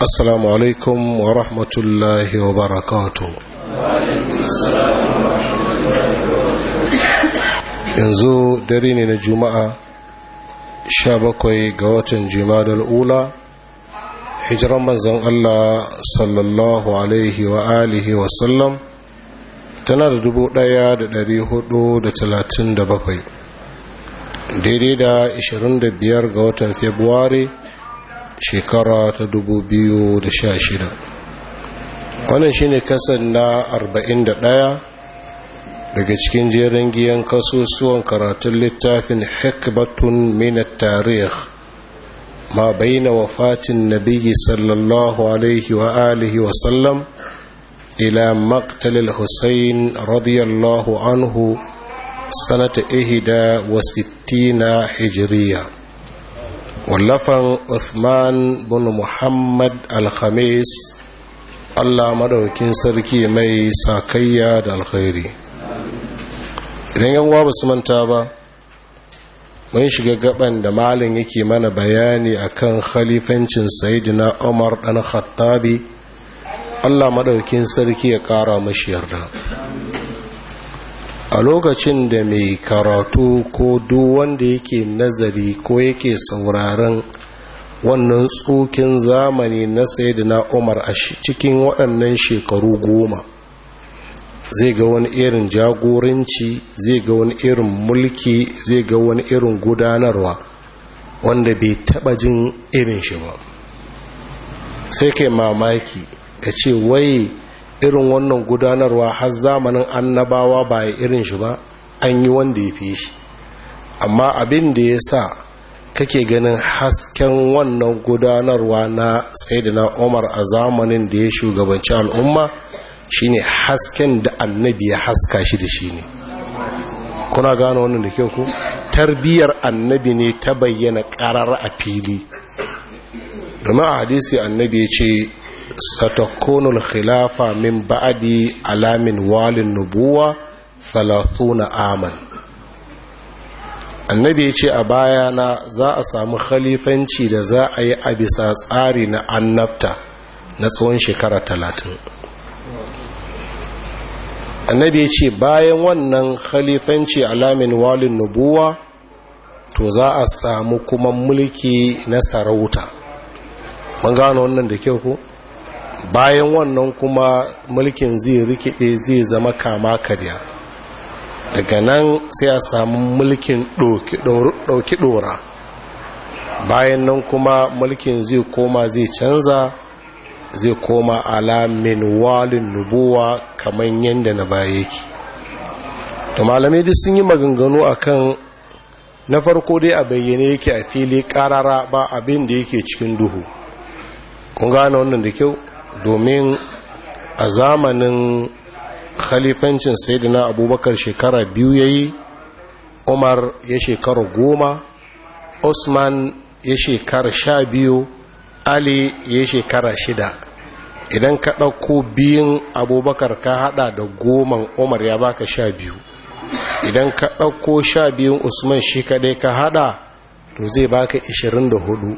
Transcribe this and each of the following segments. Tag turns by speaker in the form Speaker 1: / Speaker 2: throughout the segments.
Speaker 1: السلام عليكم ورحمة الله وبركاته yanzu dare ne na juma'a Sha 17 ga watan jimadar ula hijiran manzon Allah sallallahu alaihi wa alihi wa sallam tana da da 1437 daidai da biyar ga watan februari shekara ta da shida. wannan shine kasan na arba'in da 41 daga cikin jerin giyan kasusuwan karatun littafin hikbatun minat tarih ma bayyana wafatin nabiyyi sallallahu alaihi wa alihi wa sallam ila maktalil hussain radiyallahu anhu sanata ihda wa sittina hijiriya wallafan Uthman bin Muhammad al Allah madaukin sarki mai sakayya da alkhairi idan yan basu su manta ba mun shiga gaban da malin yake mana bayani akan khalifancin sayyidina Umar dan Khattabi Allah madaukin sarki ya kara mashi yarda a lokacin da mai karatu ko duk wanda yake nazari ko yake sauraron wannan tsokin zamani na na umar a cikin waɗannan shekaru goma zai ga wani irin jagoranci zai ga wani irin mulki zai ga wani irin gudanarwa wanda bai taɓa jin irin shi ba sai kai mamaki ka ce wai irin wannan gudanarwa har zamanin annabawa ba ya irin shi ba an yi wanda ya fi shi amma abin da ya sa kake ganin hasken wannan gudanarwa na na umar a zamanin da ya shugabanci al'umma shine hasken da annabi ya haska shi da shi ne kuna gano wannan da kyau ku tarbiyyar annabi ne ta bayyana karar a fili domin a hadisi annabi ya ce satakunul khilafa min ba'adi alamin walin nubuwa na aman annabi ya ce a bayana za a samu khalifanci da za a yi a bisa tsari na annabta na tsawon shekara talatin annabi ya ce bayan wannan khalifanci alamin walin nubuwa to za a samu kuma mulki na sarauta mun gano wannan da kyau ko bayan wannan kuma mulkin zai rikide zai zama kama karya daga nan sai a samu mulkin ɗauki ɗora bayan nan kuma mulkin zai koma zai canza zai koma min walin nubuwa kamar yadda na baya yake da malamai duk sun yi maganganu akan na farko dai a bayyane yake a fili karara ba abin da yake cikin duhu kun gane wannan da kyau domin a zamanin khalifancin saidina abubakar shekara biyu ya yi umar ya shekara goma usman ya shekara sha biyu ali ya shekara shida idan ka ɗauko biyun abubakar ka hada da goman umar ya baka sha biyu idan ka ɗauko sha biyun usman shi kaɗai ka hada to zai baka ishirin da hudu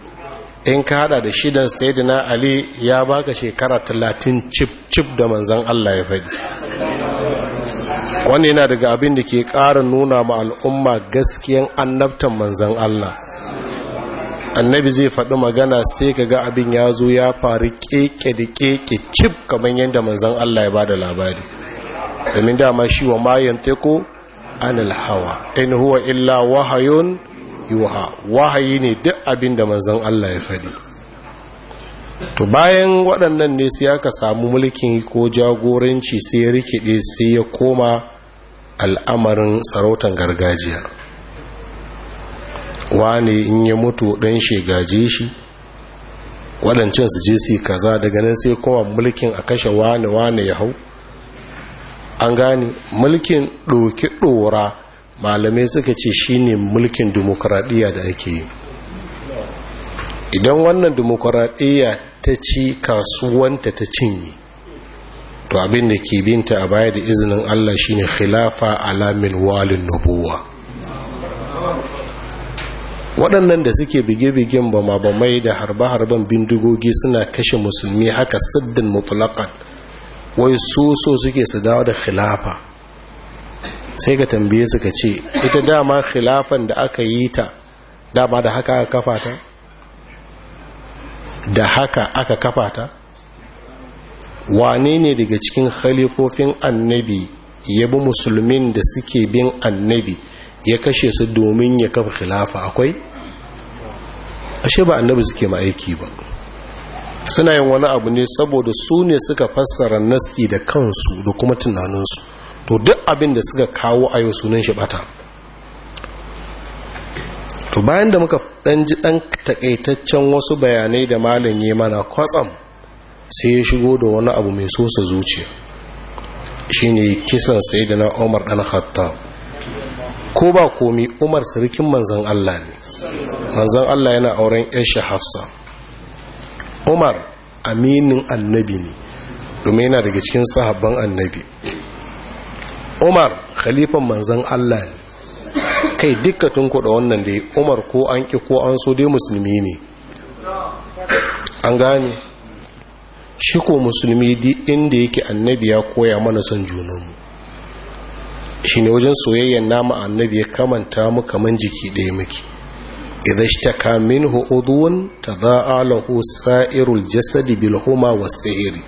Speaker 1: in ka hada da shidan sayyidina ali ya baka shekara talatin cip cip da manzan allah ya faɗi Wani yana daga abin da ke ƙara nuna ma al'umma gaskiyan annabtan manzan allah annabi zai faɗi magana sai ka ga abin ya zo ya faru keke da keke cip kamar yadda manzan allah ya ba da labari domin dama shi wa mayan teku an hawa in huwa illa wahayun yuha wahayi ne abin da manzon Allah ya faɗi to bayan waɗannan ne sai aka samu mulkin ko jagoranci sai ya rikide sai ya koma al'amarin sarautar gargajiya wane in ya mutu ɗan shegaje shi waɗancan su je su kaza daga nan sai kowa mulkin a kashe wane wane ya hau an gane mulkin ɗoki ɗora malamai suka ce shine mulkin dimokuraɗiyya da ake yi idan wannan demokuraɗiyya ta ci kasuwanta ta cinye to abin da ke binta a baya da izinin Allah shine khilafa alamin walin nubuwa waɗannan da suke bige-bigen ba ma ba mai da harbe-harben bindigogi suna kashe musulmi haka siddin mutulakan wai so so suke su dawo da khilafa sai ka tambaye suka ce ita dama khilafan da aka yi ta dama da haka kafa ta da haka aka kafata, ta wane ne daga cikin khalifofin annabi ya bi musulmin da suke bin annabi ya kashe su domin ya kafa khilafa akwai ashe ba annabi suke ma aiki ba suna yin wani abu ne saboda su ne suka fassara nassi da kansu da kuma tunaninsu to duk abin da suka kawo a yau sunan shi bata to bayan da muka dan ji dan takaitaccen wasu bayanai da malam yi mana kwatsam sai ya shigo da wani abu mai sosa zuciya shine kisan sayyidina Umar dan Khattab ko ba komi Umar sarkin manzon Allah ne manzon Allah yana auren Aisha Hafsa Umar aminin annabi ne domin yana daga cikin sahabban annabi Umar khalifan manzon Allah ne kai dukkan kuɗa wannan da umar ko an ƙi ko an so dai musulmi ne an gane shi ko musulmi inda yake annabi ya koya mana son junanmu shi ne wajen soyayyen nama annabi ya kamanta mu kaman jiki ɗaya muke idan shi ta kamin hu'uduwan ta za'a lahu sa'irul jasadi bilhuma wa sa'iri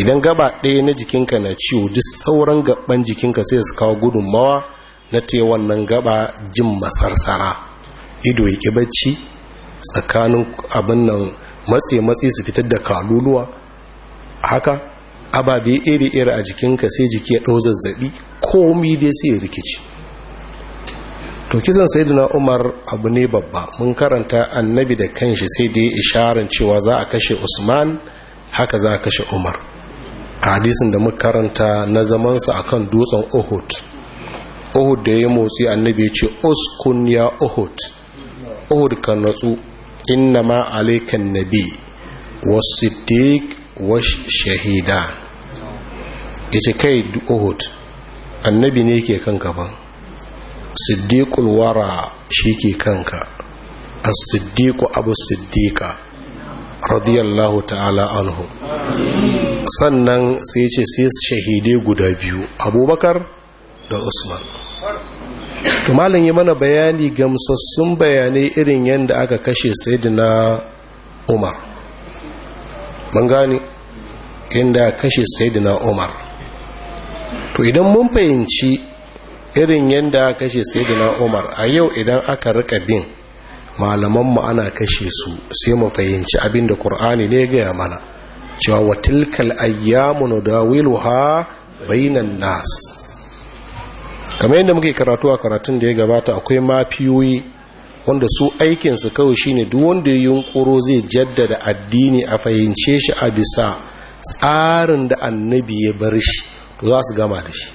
Speaker 1: idan gaba ɗaya na jikinka na ciwo duk sauran gaban jikinka sai su kawo gudunmawa na te wannan gaba jin masarsara ido ya bacci tsakanin abin nan matse matsi su fitar da kaluluwa haka ababe iri-iri a jikinka sai jiki ya ɗau zazzaɓi komi dai sai ya rikici to kisan sayyidina umar abu ne babba mun karanta annabi da kanshi sai da ya isharar cewa za a kashe usman haka za a kashe umar hadisin da muka karanta na zamansa akan dutsen uhud uhud da ya motsi annabi ya ce uskun ya uhud uhud ka natsu inna ma alaikan nabi wasiddiq washahida ya ce kai uhud annabi ne ke kanka ba siddiqul wara shi ke kanka as-siddiqu abu siddiqa radiyallahu ta'ala anhu sannan sai ce sai shahide guda biyu abubakar da usman malam yi mana bayani gamsassun bayanai irin yadda aka kashe na umar mun gane inda kashe na umar to idan mun fahimci irin yadda aka kashe saidina umar a yau idan aka rika bin malamanmu ana kashe su sai mu fahimci abin da ƙur'ani ne gaya mana cewa watilkal ayyamu ha bainan nas kamar yadda muke karatu a karatun da ya gabata akwai mafiyoyi wanda su aikinsu kawai shine duk wanda ya yunkuro zai jaddada addini a fahimce shi a bisa tsarin da annabi ya bar shi to za su gama da shi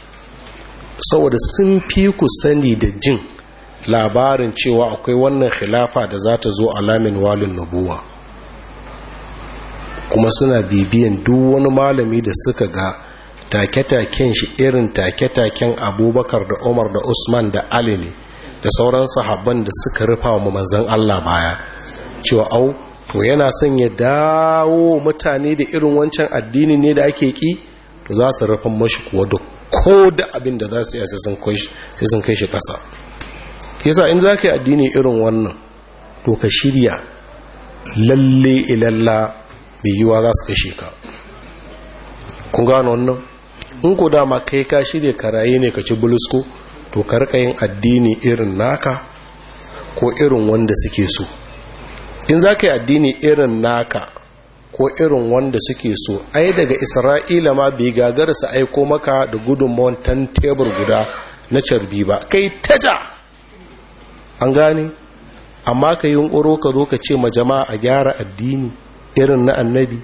Speaker 1: saboda sun fi ku sani da jin labarin cewa akwai wannan khilafa da za ta zo alamin walin nubuwa kuma suna bibiyan duk wani malami da suka ga take-taken shi irin take-taken abubakar da umar da usman da ali ne da sauran sahabban da suka rufa wa manzan allah baya cewa au to yana son ya dawo mutane da irin wancan addini ne da ake ki to za su rufin mashi kuwa da ko da abin da za su yi sai sun kai shi kasa kisa in za ka yi addini irin wannan to ka shirya lalle ilalla bai yiwa za su kashe ka kun gano wannan in ku dama kai ka shirya karaye ne ka ci bulusko to karka yin addini irin naka ko irin wanda suke so in za ka yi addini irin naka ko irin wanda suke so ai daga isra'ila ma bai gagara su aiko maka da gudunmawan tan tebur guda na carbi ba kai taja an gane amma ka unkuro ka zo ka ce ma jama'a a gyara addini irin na annabi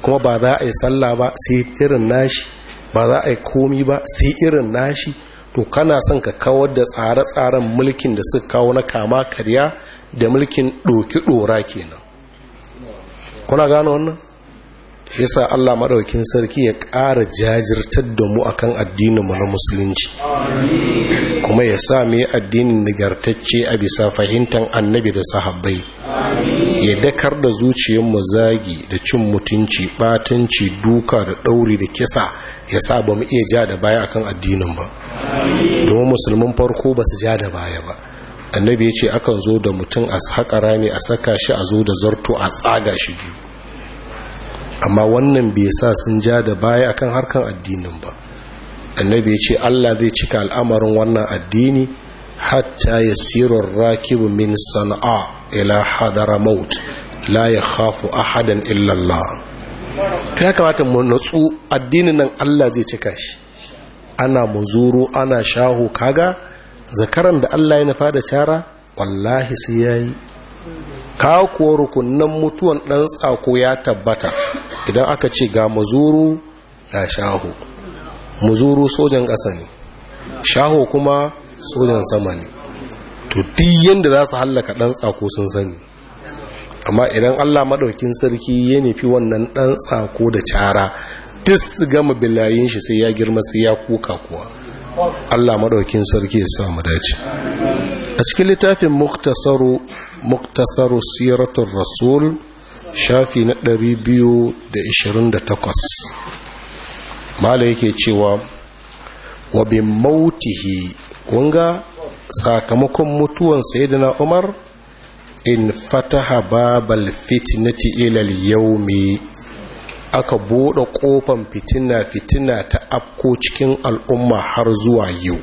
Speaker 1: kuma ba za a yi sallah ba sai irin nashi ba za a yi komi ba sai irin nashi to kana son ka kawar da tsare-tsaren mulkin da suka kawo na kama karya da mulkin ɗoki ɗora kenan kuna gano wannan yasa Allah maɗaukin sarki ya ƙara jajirtar da mu akan addinin mu na musulunci kuma ya sa mu addinin nagartacce a bisa fahimtar annabi da sahabbai ya dakar da zuciyar mu zagi da cin mutunci batanci duka da ɗauri da kisa ya sa ba mu iya ja da baya akan addinin ba domin musulmin farko ba su ja da baya ba annabi ya ce akan zo da mutum a haƙa rami a saka shi a zo da zarto a tsaga shi biyu amma wannan bai sa sun ja da baya akan harkan addinin ba annabi ya ce Allah zai cika al'amarin wannan addini hatta ya sirar rakibu min sana'a ila hadara maut la ya khafu ahadan illa Allah ya kamata mu natsu addinin nan Allah zai cika shi ana muzuru ana shahu kaga zakaran da Allah ya nufa da cara wallahi sai yayi ka kuwa rukunan mutuwan ɗan tsako ya tabbata idan aka ce ga mazuru na shaho mazuru sojan ƙasa ne shaho kuma sojan sama ne to duk yadda za su hallaka ɗan tsako sun sani amma idan allah maɗaukin sarki ya nufi wannan ɗan tsako da cara duk su gama bilayen shi sai ya girma sai ya kuka kuwa allah maɗaukin sarki ya samu dace a cikin littafin muktasaru siratun rasul shafi na 228 mala yake cewa wa bin mautihi kunga sakamakon mutuwan sayyidina umar in fataha babal fitnati ilal yaumi aka bude kofan fitina fitina ta afko cikin al'umma har zuwa yau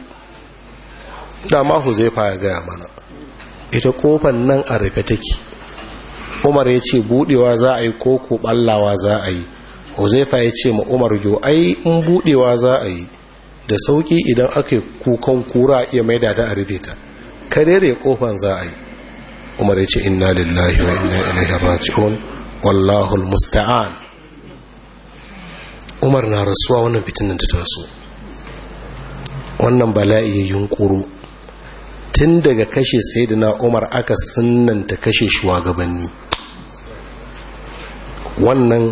Speaker 1: dama huzaifa ya gaya mana ita kofan nan a rufe take umar ya ce budewa za a yi ku ballawa za a yi huzaifa ya ce ma umar yo ai in budewa za a yi da sauki idan aka yi kukan kura iya maida ta a rufe ta karere kofan za a yi umar ya ce inna lillahi wa inna ilaihi raji'un wallahu almusta'an umar na rasuwa wannan fitinan ta taso wannan bala'i ya yunkuru tun daga kashe Saidina umar aka sunanta kashe shugabanni wannan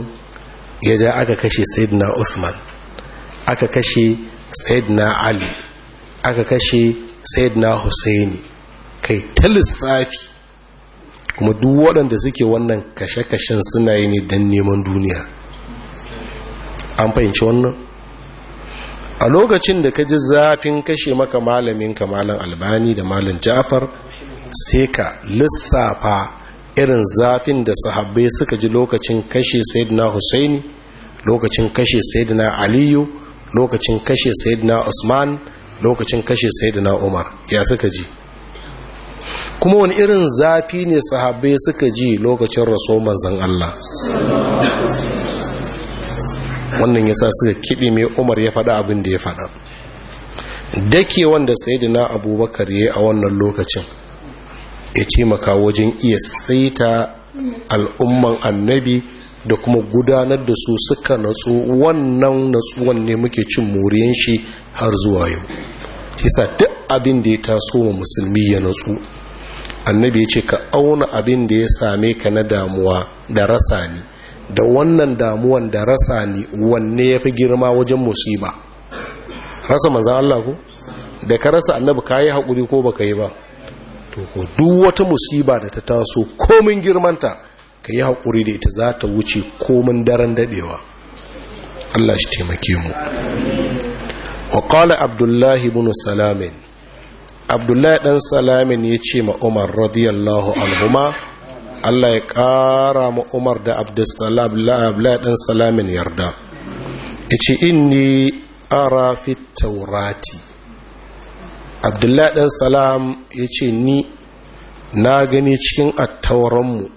Speaker 1: ya ja aka kashe Saidina usman aka kashe Saidina ali aka kashe Saidina husaini kai ta lissafi kuma duk waɗanda suke wannan kashe-kashen suna yi ne don neman duniya an fahimci wannan a lokacin da ka ji zafin kashe maka malamin ka malam albani da malam jafar sai ka lissafa irin zafin da sahabbai suka ji lokacin kashe sayyidina husaini lokacin kashe sayyidina aliyu lokacin kashe sayyidina usman lokacin kashe sayyidina umar ya suka ji kuma wani irin zafi ne sahabbai suka ji lokacin raso manzan Allah wannan ya yasa suka kiɗi mai umar ya faɗa abin da ya faɗa dake wanda sayidina abubakar ya yi a wannan lokacin ya taimaka wajen iya saita al'umman annabi da kuma gudanar da su suka natsu wannan natsuwan ne muke cin moriyan shi har zuwa yau yasa duk abin da ya taso wa musulmi ya natsu annabi ya ce ka auna abin da ya same ka na damuwa da rasa ni da wannan damuwan da rasa ne wanne ya fi girma wajen musiba rasa manzan Allah ku da ka rasa annabi ka yi haƙuri ko ba ka yi ba to ko duk wata musiba da ta taso komin girmanta ka yi haƙuri da ita za ta wuce komin daren daɗewa Allah shi taimake mu wa ƙala abdullahi bin salamin abdullahi ɗan salamin ya ce ma umar radiyallahu anhuma Allah ya ƙara ma Umar da Abdussalam la'abla ɗan salamin yarda ice inni ara fi taurati Abdullahi ɗan salam ya ce ni na gani cikin attauranmu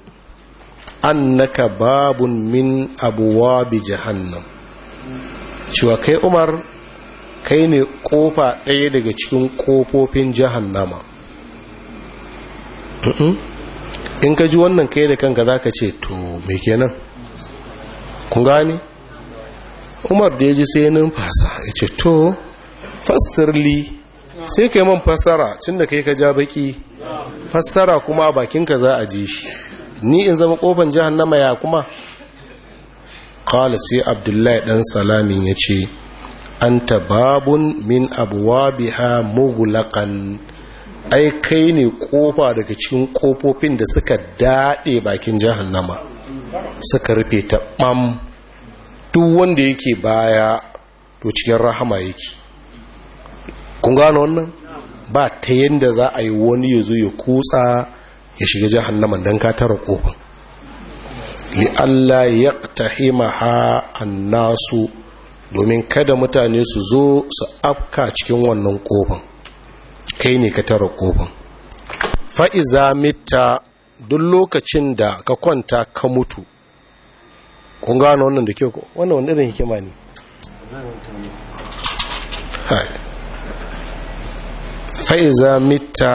Speaker 1: annaka babun min abuwa bi jahannam cewa kai Umar kai ne kofa ɗaya daga cikin ƙofofin jahannama in ka ji wannan kai da kanka za ka ce to me kenan kun gani. umar da ya ji sai numfasa ya ce to fassirli sai ka yi man fassara cin da kai ka ja baki fassara kuma a bakinka za a ji shi ni in zama kofan jihannama ya kuma kala sai abdullahi dan salamin ya ce an tababun min abuwa biha mugulakan ai kai ne kofa daga cikin kofofin da suka daɗe bakin jahannama suka rufe ta ɓam duk wanda yake baya to cikin rahama yake kun gano wannan ba ta yadda za a yi wani ya zo ya kutsa ya shiga jahannaman don ka tara kofin allah ya tahimaha annasu domin kada mutane su zo su afka cikin wannan kofin kai ne ka tara kofan fa'iza mita duk lokacin da ka kwanta ka mutu kun gano wannan da kyau wannan wani irin hikima ne fa'iza mita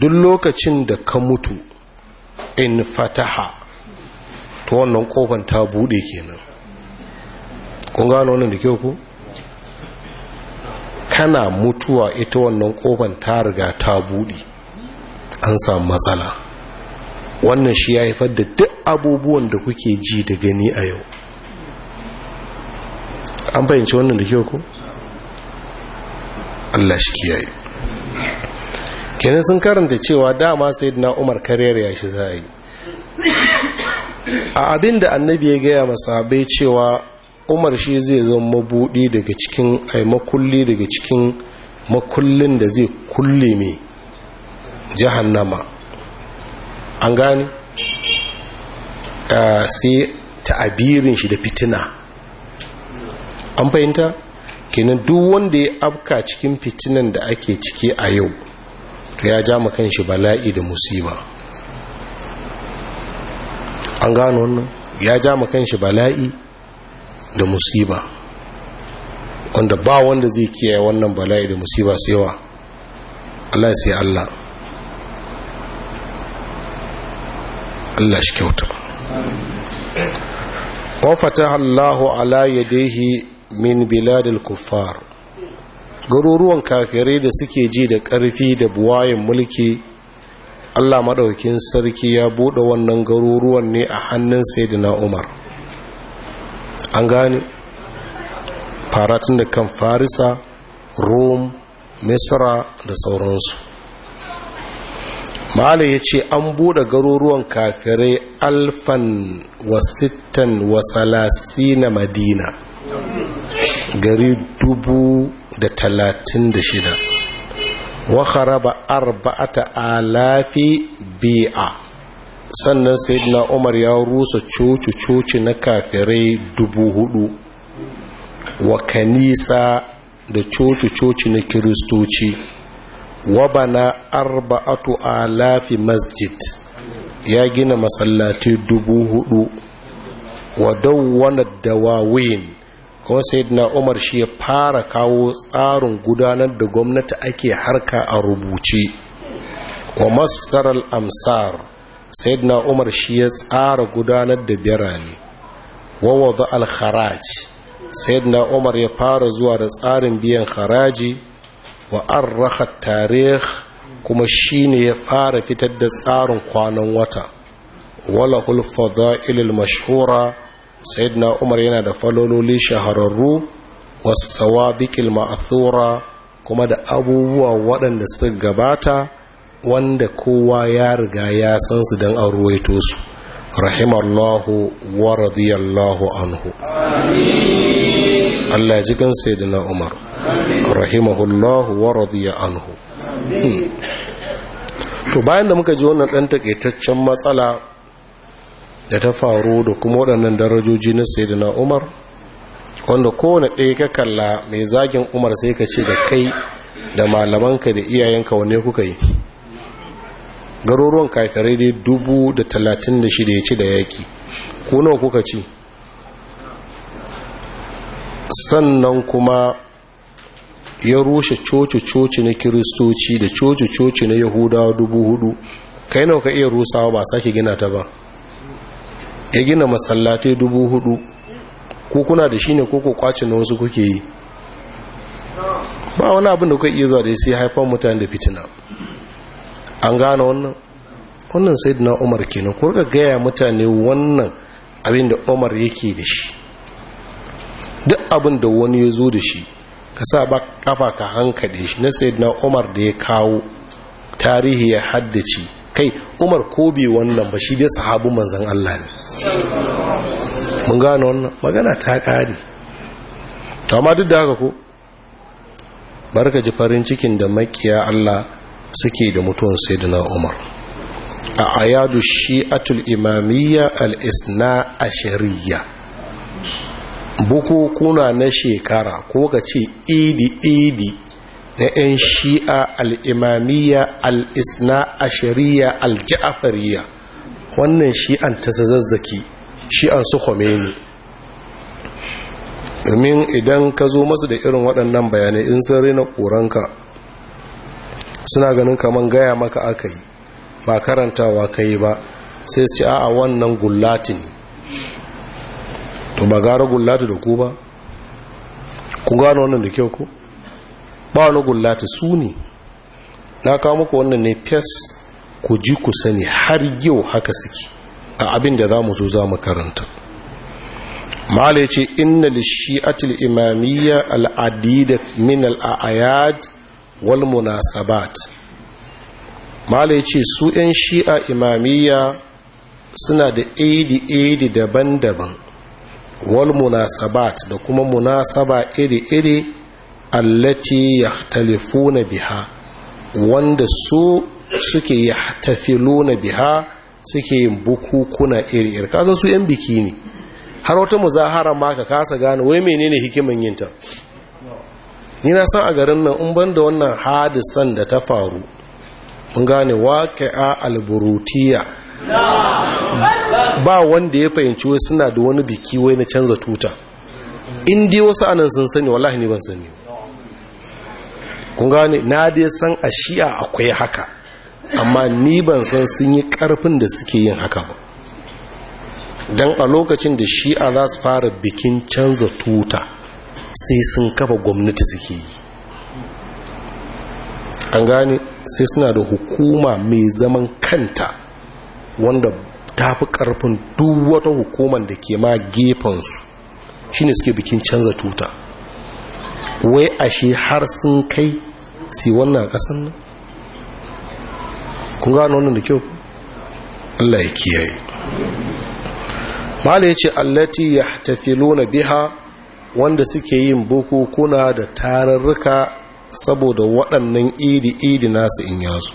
Speaker 1: duk lokacin da ka mutu in fataha to wannan kofan ta bude kenan kun gano wannan da kyau ku kana mutuwa ita wannan kofan ta riga ta buɗe an samu matsala wannan shi ya haifar da duk abubuwan da kuke ji da gani a yau an bayyance wannan da kyau ko Allah shi kiyaye kenan sun karanta cewa dama sayyidina Umar karyar ya shi za a yi a annabi ya gaya masahabai cewa umar shi zai zama mabudi daga cikin ai makulli daga cikin makullin da zai kulle mai nama. an gani ah, sai ta'abirin shi da fitina an fahimta kenan duk wanda ya afka cikin fitinan da ake ciki a yau to ya ja makan shi bala'i da musiba an gano wannan ya ja makan shi bala'i da musiba wanda ba wanda zai kiyaye wannan bala'i da musiba saiwa Allah sai Allah Allah shi kyauta wa fataha Allah ala yadayhi min biladil kuffar garuruwan kafirai da suke ji da ƙarfi da buwayen mulki Allah madaukin sarki ya bude wannan garuruwan ne a hannun sayyidina Umar an gane fara tun da kan farisa rome misra da sauransu malai ya ce an buɗe garuruwan kafirai alfan wasittan wasalasi na madina gari dubu da talatin da shida wa haraba arba'ata alafi bi'a sannan na umar ya rusa coci-coci na kafirai dubu hudu wa kanisa da coci-coci na kiristoci wa bana arba'atu lafi masjid ya gina masallatai dubu hudu wa dawwana dawawin kuma na umar shi ya fara kawo tsarin gudanar da gwamnati ake harka a rubuce wa masarar amsar sayyidina umar shi ya tsara gudanar da birane wawada al-kharaj sayyidina umar ya fara zuwa da tsarin biyan haraji wa arraha tarih kuma shi ne ya fara fitar da tsarin kwanan wata wala fada'il al-mashhura sayyidina umar yana da falololi shahararru wasu sawa bikin ma'athura kuma da abubuwa waɗanda su gabata wanda kowa ya riga ya san su don an ruwaito su rahimallahu wa radiyallahu anhu Allah ji kan sayyidina Umar rahimahullahu wa radiya anhu to bayan da muka ji wannan dan takaitaccen matsala da ta faru da kuma waɗannan darajoji na sayyidina Umar wanda kowane ɗaya ka kalla mai zagin Umar sai ka ce da kai da malamanka da iyayenka wane kuka yi garuruwan kafirai dai dubu da talatin da shida ya ci da yaƙi ko nawa kuka ci sannan kuma ya rushe coci-coci na kiristoci da coci-coci na yahudawa dubu hudu kai nawa ka iya rusawa ba sake gina ta ba ya gina masallatai dubu hudu ko kuna da shi ne ko ko kwace na wasu kuke yi ba wani abin da kuka iya zuwa da ya sai haifar mutane da fitina an gane wannan wannan sai na umar kenan ko ka gaya mutane wannan abin da umar yake da shi duk abin da wani ya zo da shi ka sa ba kafa ka hankali shi na sai na umar da ya kawo tarihi ya haddace kai umar ko bai wannan ba shi dai sahabu manzan Allah ne mun gane wannan magana ta to amma duk da haka ko barka ji farin cikin da makiya Allah suke da mutuwan sayyidina umar a shi shi'atul imamiyya al-isna bukukuna na shekara ko ka ce idi-idi na 'yan shi'a al-imamiyya al-isna al-ja'afariya wannan shi'an ta zazzaki shi'an su khomeini domin idan ka zo masu da irin waɗannan bayanai in sun rena ƙoranka suna ganin kaman gaya maka aka yi ba karantawa ka yi ba sai su ce a'a wannan gullati ne to ba gara gullati da ku ba ku gano wannan da kyau ku ba wani gullati su ne na kawo muku wannan ne fes ku ji ku sani har yau haka suke a abin da za mu zo za mu karanta mala ya ce inna shi'atul imamiyya aladidat min al'ayad wal munasabat malai ce su 'yan shi'a imamiyya suna da edi-edi daban-daban wal munasabat da kuma munasaba iri-iri allati yahtalifuna biha wanda su suke yahtafiluna biha suke yin bukukuna iri-iri kasan su 'yan biki ne har wata muzahara ma ka kasa gane wai menene hikimin yinta ni na san a garin nan in ban da wannan hadisan da ta faru mun gane waqi'a alburutiya ba wanda ya fahimci wai suna da wani biki wai na canza tuta in dai wasu anan sun sani wallahi ni ban sani kun gane na dai san a shi'a akwai haka amma ni ban san sun yi karfin da suke yin haka ba don a lokacin da shi'a za su fara bikin canza tuta sai sun kafa gwamnati suke yi an gane sai suna da hukuma mai zaman kanta wanda ta fi karfin duk wata hukumar da ke ma shi ne suke bikin canza tuta wai ashe har sun kai si wannan kasan nan kun gano wannan da kyau Allah ya kiyaye mala yace allati yahtafiluna biha wanda suke yin bukukuna da tararruka saboda waɗannan idi-idi nasu in yazo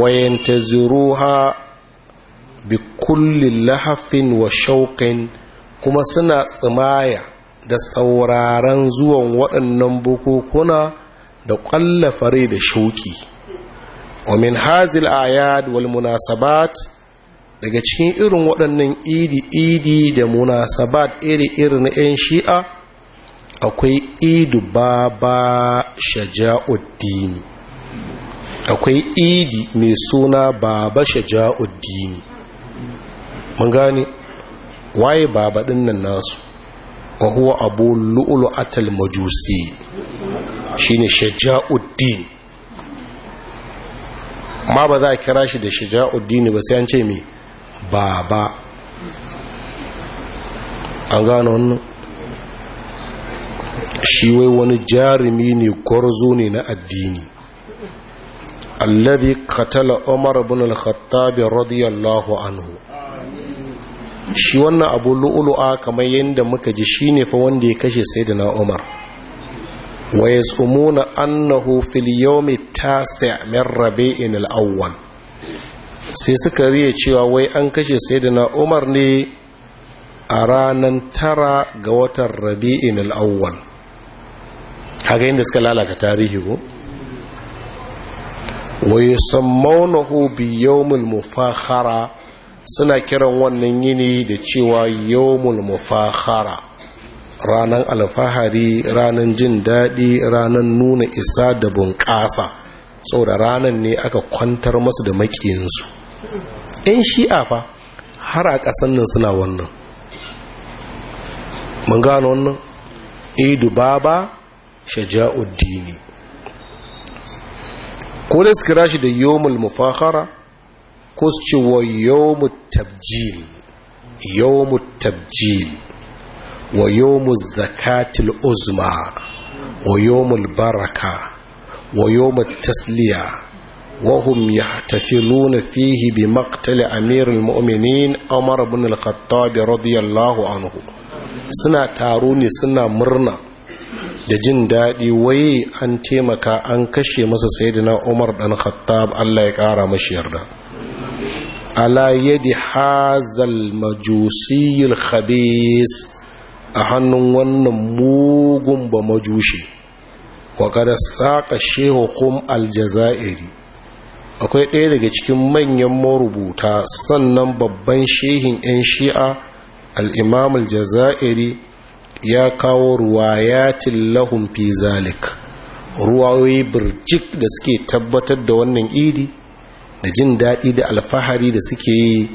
Speaker 1: wayanta zuruha bi kulli lahafin wa shauƙin kuma suna tsimaya da sauraron zuwan waɗannan bukukuna da ƙwallafare da shauƙi wa min hazil ayad wal munasabat daga cikin irin waɗannan idi-idi da munasabat iri-iri na 'yan shi'a akwai idu baba shaja'uddini akwai idi mai suna baba shaja'uddini mun gane waye baba ɗinnan nasu wa huwa abu lu'ulu atal majusi shine shaja'uddin ma ba za a kira shi da shaja'uddini ba sai an ce mai baba an gano wannan shi wai wani jarumi ne gwarzo ne na addini allabi katala umar bin al-khattab radiyallahu anhu shi wannan abu lu'ulu'a kamar yadda muka ji shine fa wanda ya kashe sayyidina umar wa yasumuna annahu fil yawmi tasi' min rabi'in al-awwal sai suka riya cewa wai an kashe sai da umar ne a ranar tara ga watan rabi'in al'awwal kaga da suka lalata tarihi ko wa yusammawnahu bi mulmufa mufakhara suna kiran wannan yini da cewa yawmul mufakhara ranan alfahari ranan jin daɗi ranan nuna isa da bunƙasa saboda ranan ne aka kwantar masu da maƙiyinsu yan shi'a fa har a ƙasan nan suna wannan mun gano wannan idu baba shaja'uddini ko da su kira shi da yomul mufahara ko su ce wa yomul tabjil yomul tabjil wa yomul zakatil uzma wa yomul baraka wa yomul tasliya وهم يحتفلون فيه بمقتل أمير المؤمنين عمر بن الخطاب رضي الله عنه سنة تاروني سنة مرنا da jin daɗi waye an taimaka an kashe masa sayyidina Umar dan Khattab Allah ya ƙara mashi yarda ala yadi hazal majusiyil khabis a hannun wannan mugun ba majushi wa kada saƙa shehu kum aljazairi akwai ɗaya daga cikin manyan marubuta sannan babban shehin 'yan shi'a al’imamul jazairi ya kawo ruwayatin lahun fi zalik ruwayoyi birjik da suke tabbatar da wannan idi da jin daɗi da alfahari da suke yi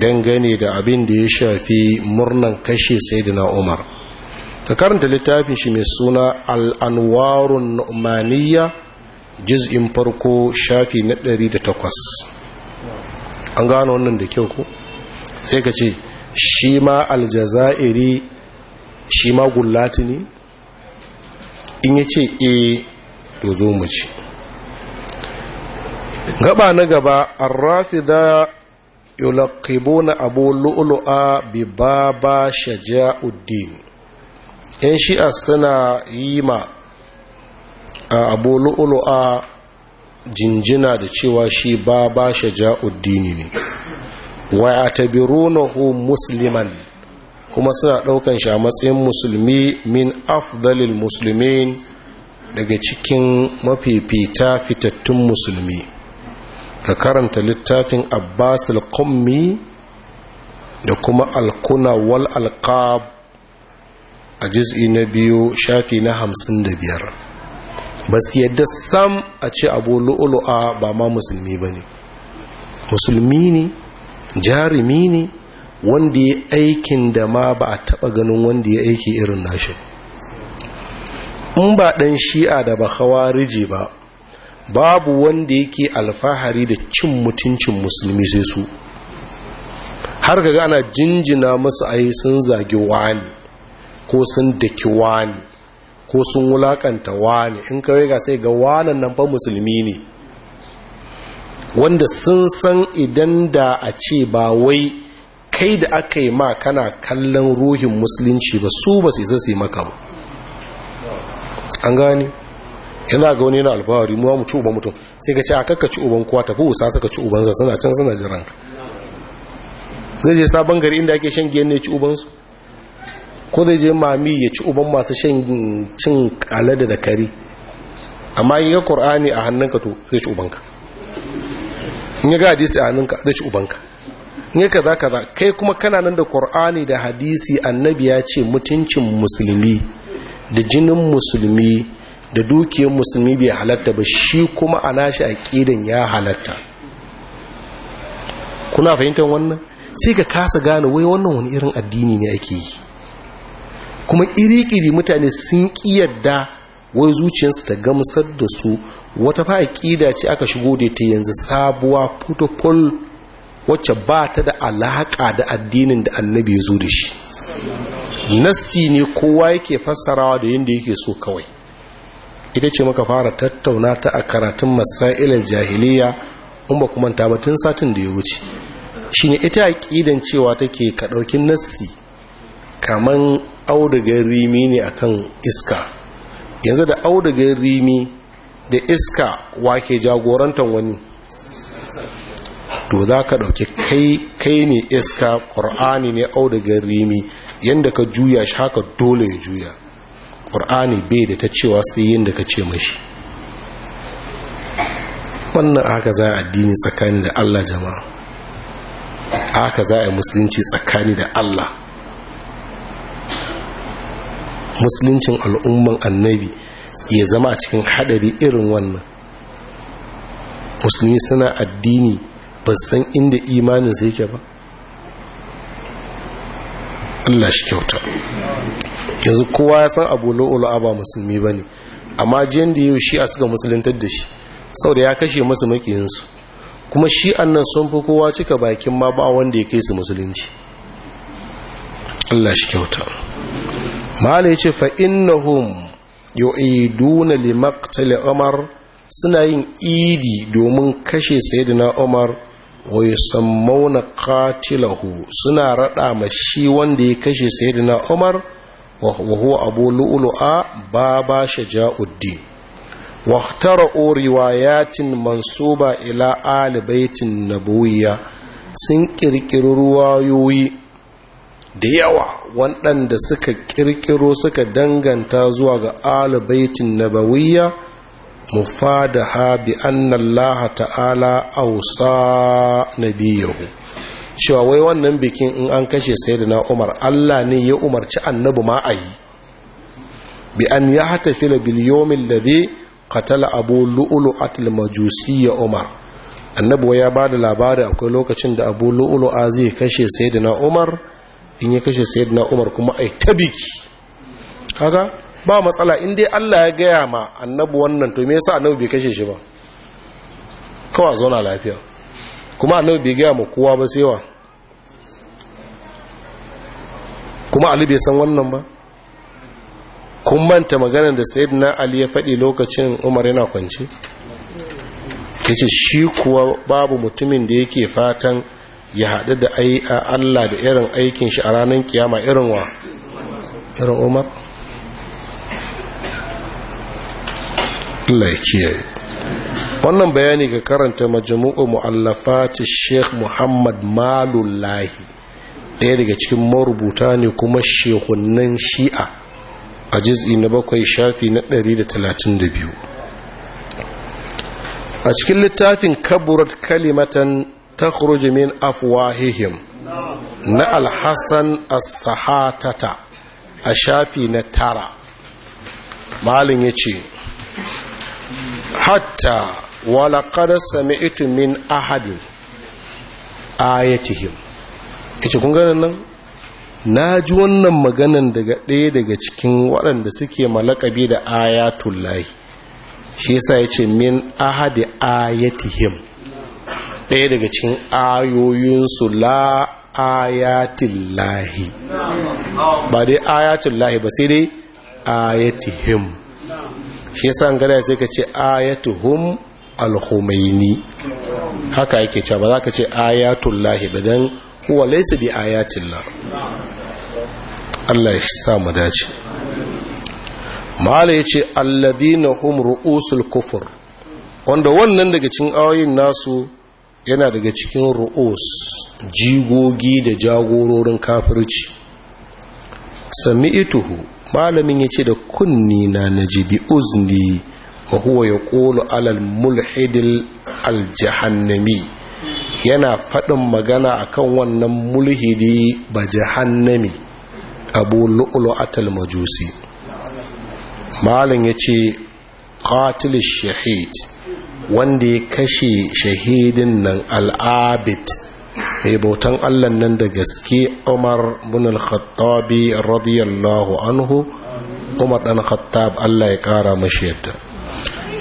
Speaker 1: dangane da abin da ya shafi murnan kashe sai da naumar ka karanta littafin shi mai suna al'anwarun nu'maniyya juz'in farko shafi na ɗari da takwas an gano wannan da kyau ko sai ka ce shi ma aljazairi shi ma gullati ne in ya ce e to zo mu ci gaba na gaba arrafida na abu lu'ulu'a bi baba shaja'uddin yan shi'a suna yi ma abu lu'ulu'a jinjina da cewa shi ba ba shi ja'uddini ne wa ya tabirunahu musliman kuma suna ɗaukan shi a matsayin musulmi min afdalil musulmi daga cikin mafifita fitattun musulmi ka karanta littafin abbas al da kuma alkuna wal alqab a jizi na biyu shafi na hamsin da biyar ba su yadda sam a ce abu lu'ulu'a ba ma musulmi ba ne musulmi ne jarumi ne wanda ya aikin da ma ba a taɓa ganin wanda ya aiki irin nashi in ba ɗan shi'a da ba hawariji ba babu wanda yake alfahari da cin mutuncin musulmi sai su har ga ana jinjina masu ai sun zagi wani ko sun daki wani ko sun wulakanta wani in kawai ga sai ga wanan nan fa musulmi ne wanda sun san idan da a ce ba wai kai da aka yi ma kana kallon ruhin musulunci ba su ba su isa su yi maka ba an gani yana ga wani yana alfahari muwa mu ci uban mutum sai ka ce a kakka ci uban kuwa tafi wusa suka ci zai suna can suna jiran zai je sabon gari inda ake shan giyan ne ci ubansu ko zai je mami ya ci uban masu shan cin alada da kari amma yi ga ƙor'ani a hannunka to zai ci ubanka in yi ga hadisi a hannunka zai ci ubanka in yi kaza kaza kai kuma kana nan da ƙor'ani da hadisi annabi ya ce mutuncin musulmi da jinin musulmi da dukiyar musulmi bai halatta ba shi kuma a nashi aƙidan ya halatta kuna fahimtar wannan sai ka kasa gane wai wannan wani irin addini ne ake yi kuma iri-iri mutane sun kiyarda wai zuciyarsu ta gamsar da su wata fa’a aƙida ce aka shigo da ta yanzu sabuwa protocol wacce ba ta da alaƙa da addinin da annabi ya zo da shi nassi ne kowa yake fassarawa da yadda yake so kawai ita ce muka fara tattauna ta a karatun masailar jahiliya in ba kuma tun satin da ya wuce shine ita aƙidan cewa take ka ɗauki nassi kaman audugar rimi ne akan iska yanzu da audugar rimi da iska wake jagorantar wani to za ka ɗauki kai ne iska ƙur'ani ne audugar rimi yadda ka juya shi haka dole ya juya ƙur'ani bai da ta cewa sai yadda ka ce mashi wannan haka za a addini tsakani da allah jama'a haka za a yi musulunci tsakani da allah musuluncin al'umman annabi ya zama a cikin hadari irin wannan musulmi suna addini ba san inda imanin imaninsa yake ba Allah shi kyauta yanzu kowa ya san abu lo'ulu ba musulmi ba ne amma jiyan da yau shi a suka musuluntar da shi sau da ya kashe masu makiyinsu kuma shi annan sun fi kowa cika bakin ma ba wanda ya kai su musulunci Allah shi kyauta malai yace fa innahum yu'iduna limaqtali umar suna yin idi domin kashe sayyidina umar wa yusammauna katilahu suna raɗa ma shi wanda ya kashe sayyidina umar wa huwa abu ba lu'lu'a baba shaja'uddin wa ikhtara'u yatin mansuba ila alibaitin na sun kirkiri ruwayoyi da yawa waɗanda suka kirkiro suka danganta zuwa ga alibaitin nabawiyya mufadaha bi annallaha ta'ala ausa nabiyahu cewa wai wannan bikin in an kashe na Umar Allah ne ya umarci annabu ma yi. bi an fila biliyomin da zai katala abu lu'lu'atil majusi ya Umar annabu ya ba da labari akwai lokacin da abu a zai kashe na Umar in ya kashe sayyidina umar kuma ai ta biki kaga ba matsala in dai Allah ya gaya ma annabi wannan to me yasa annabi bai kashe shi ba kawai zauna lafiya kuma annabi bai gaya ma kowa ba sai wa kuma Ali bai san wannan ba kun manta maganar da sayyidina Ali ya faɗi lokacin Umar yana kwance yace shi kuwa babu mutumin da yake fatan ya haɗu da Allah da irin aikin shi a ranar kiyama irin wa irin umar Allah wannan bayani ga karanta majmu'u mu'allafati Sheikh Muhammad Malullahi ɗaya daga cikin marubuta ne kuma shehunnan Shi'a a juz'i na bakwai shafi na 132 a cikin littafin kaburat kalimatan takhruju min afwahihim na alhassan as a shafi na tara malin yace hatta walaqad sami'tu min ahadin ayatihim yace kun ganin nan na ji wannan maganan daga ɗaya daga cikin waɗanda suke malakabi da ayatullahi shi yasa yace min ahadi ayatihim ɗaya daga cikin ayoyinsu la lahi ba dai lahi ba sai dai ayatihim shi yasa gada sai ka ce ayatuhum al haka yake cewa ba za ka ce lahi ba don kuwa laisa bi Allah ya sa mu dace mala yace alladhina hum ru'usul kufur wanda wannan daga cikin ayoyin nasu yana daga cikin ru'us jigogi da jagororin kafirci sami ituhu malamin ya ce da kunni na Najibi uzni ma huwa ya kolo alal mulhidil aljahannami yana faɗin magana akan wannan mulhidi ba jahannami abu lu'ulu atal majusi malin ya ce qatil shahid wanda ya kashe shahidin nan al'abid mai bautan allan nan da gaske umar bin al-khattabi radiyallahu anhu umar dan khattab allah ya kara mashi yadda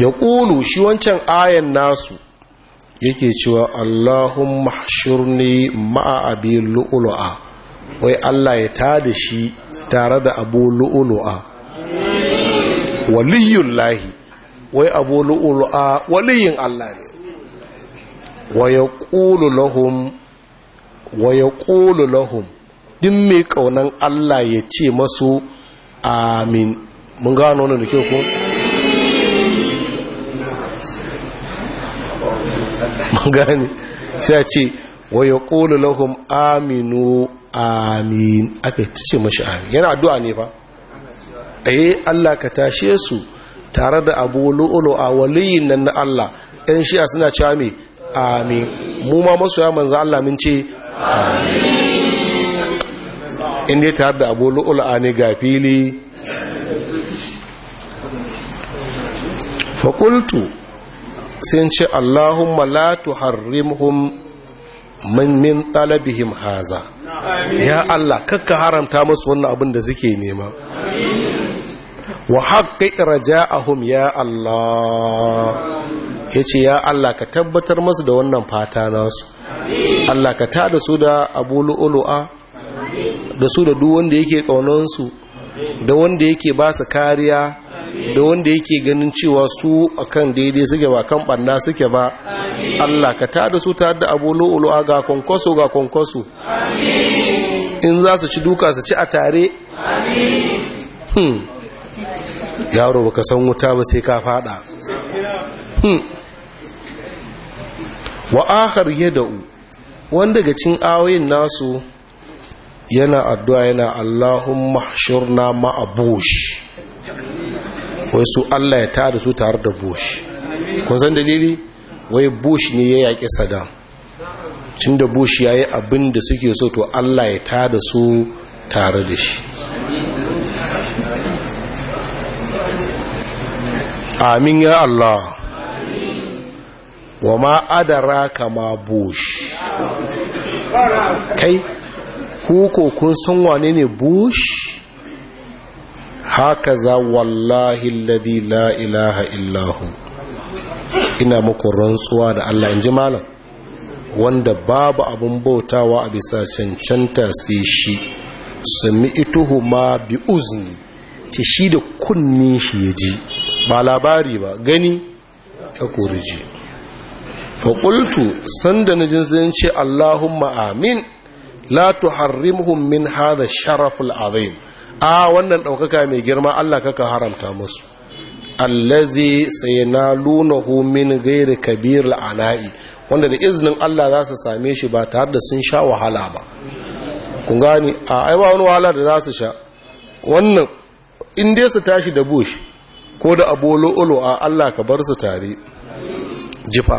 Speaker 1: ya ƙulu shi wancan ayan nasu yake cewa allahun shirni ma'a abi wai allah ya ta da shi tare da abu waliyun lahi wai abu a waliyin Allah ne wa ya ƙulu lahum din mai ƙaunan Allah ya ce masu amin mun gano wani da ke ku mun gani sai a ce wa ya ƙulu lahum aminu amin aka ce mashi amin yana addu'a ne ba eh Allah ka tashe su tare da abu lu'ulu a waliyin nan na Allah ɗan shi'a suna cewa mai amin mu ma ya manzo Allah mun ce amin inda tare da abu lu'ulu a ne ga fili faƙultu sun ce Allahumma la tuharrimhum min min talabihim haza ya Allah kakka haramta masu wannan abin da suke nema amin wa haƙƙi raja'ahum ya Allah ya ce ya Allah ka tabbatar masu da wannan fata nasu Allah ka ta da su da abu lu'ulu'a da su da duk wanda yake ƙaunansu da wanda yake ba su kariya da wanda yake ganin cewa su akan daidai suke ba kan ɓanna suke ba Allah ka ta da su ta da abu lu'ulu'a ga kwankwaso ga kwankwaso in za su ci duka su ci a tare hmm. yaro baka san wuta ba sai ka fada hmm. wa akhar yad'u wanda daga cin ayoyin nasu yana addu'a yana Allahumma hshurna ma'a bush wai su Allah ya tada su tare da bush Ko san dalili wai bush ne ya yaƙi sadan? cin da bush yayi abin da suke so to Allah ya tada su tare da shi amin ya Allah wa ma adara kama bush kai huko kun san wane ne bush haka za wallahi ladi la ilaha illahu ina muku rantsuwa da Allah in ji malam wanda babu abin bautawa a bisa cancanta sai shi sami ituhu ma bi uzni ce shi da kunni shi ya ji ba labari ba gani ka kurji faƙultu sanda na jin zan ce allahumma amin la tuharrimhum min hadha sharaful azim a wannan ɗaukaka mai girma allah kaka haramta musu allazi lunahu min ghairi kabir al'ana'i wanda da iznin Allah za su same shi ba tare da sun sha wahala ba kun gani a aiwa wani wahala da za su sha wannan in dai su tashi da bush ko da abu lo'olo a Allah ka bar su tare jifa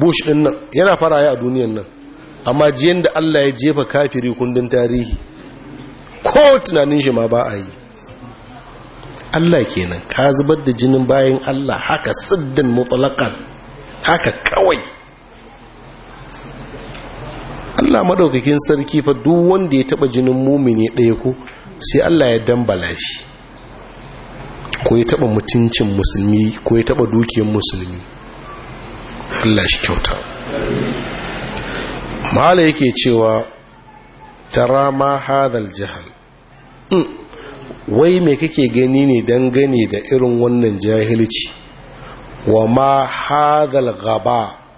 Speaker 1: bush din nan yana fara yi a duniyan nan amma jiyan da Allah ya jefa kafiri kundin tarihi ko tunanin shi ma ba a yi Allah kenan ka zubar da jinin bayan Allah haka siddin mutlaqan haka kawai Allah madaukakin sarki fa duk wanda ya taɓa jinin mumini ɗaya ko sai Allah ya dambala shi ko ya taba mutuncin musulmi ko ya taba dukiyar musulmi Allah shi kyauta mala yake cewa tara ma hadal jahal hmm, wai me kake gani ne dangane da irin wannan jahilci wa ma hadal gaba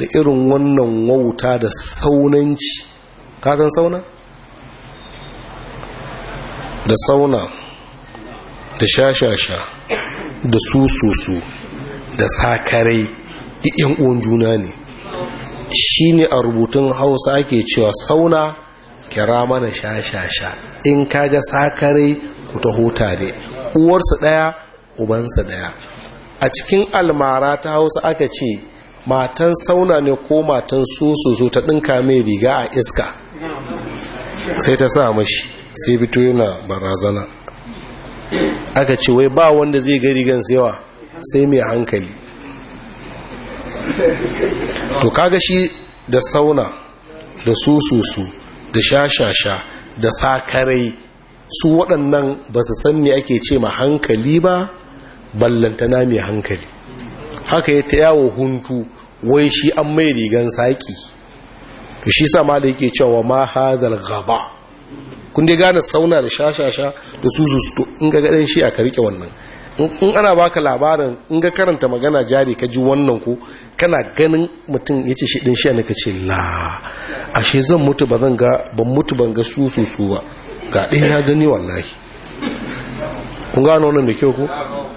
Speaker 1: da irin wannan wauta da saunanci ka san sauna da sauna da shashasha da su da sakarai yan uwan juna ne shi ne a rubutun hausa ake cewa sauna kira mana shashasha in ka ga sakarai ku ta taho tare uwarsa daya ubansa daya. a cikin almara ta hausa aka ce matan sauna ne ko matan su ta ɗinka mai riga a iska sai ta sa mashi sai fito yana barazana aka ce wai ba wanda zai ga rigan yawa sai mai hankali to kaga shi da sauna da sususu da shashasha da sakarai su waɗannan ba su san me ake ce ma hankali ba ballantana mai hankali haka ya ta yawo huntu wai shi an mai rigan saƙi to shi sa da yake cewa ma hazal gaba kun dai gane sauna da shashasha da su su to in ga gadan shi a ka rike wannan in ana baka labarin in ga karanta magana jari ka ji wannan ko kana ganin mutum ya ce shi din shi ne ka ce la ashe zan mutu ba zan ga ban mutu ban ga su su ba ga ɗaya ya gani wallahi kun gano wannan da kyau ko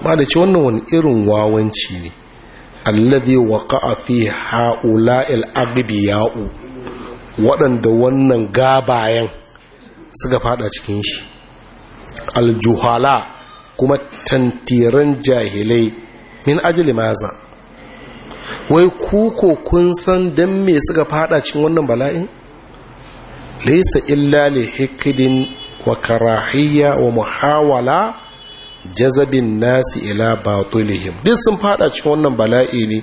Speaker 1: ma da ce wannan wani irin wawanci ne alladhi waqa'a fi ha'ula'il aghbiya'u waɗanda wannan gabayan suka fada cikin shi aljuhala kuma tantiran jahilai min ajili maza wai ku ko kun san dan me suka fada cikin wannan bala'in laisa illa li hikidin wa karahiyya wa muhawala jazabin nasi ila batulihim duk sun fada cikin wannan bala'i ne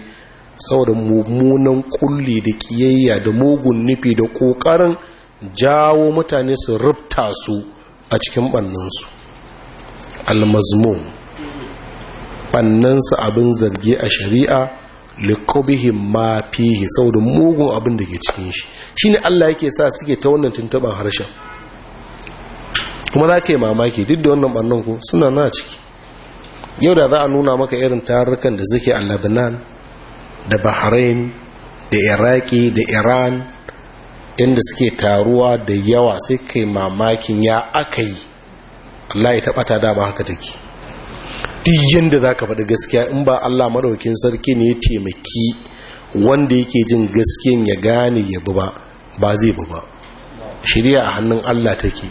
Speaker 1: saboda mummunan kulli da kiyayya da mugun nufi da ƙoƙarin. jawo mutane su rubta su a cikin ɓannansu almazmum ɓannansu abin zargi a shari'a likobihim ma fihi saboda mugun abin da ke cikin shi shi ne Allah yake sa suke ta wannan tuntuban harshen kuma za ka yi mamaki duk da wannan ɓannan ku suna na ciki yau da za a nuna maka irin tarurrukan da suke a lebanon da bahrain da iraki da iran inda suke taruwa da yawa sai kai mamakin ya aka yi Allah ya taɓa ta dama haka take duk yadda za ka faɗi gaskiya in ba Allah maɗaukin sarki ne ya taimaki wanda yake jin gaskiyan ya gane ya buba ba zai buba. shirya a hannun Allah take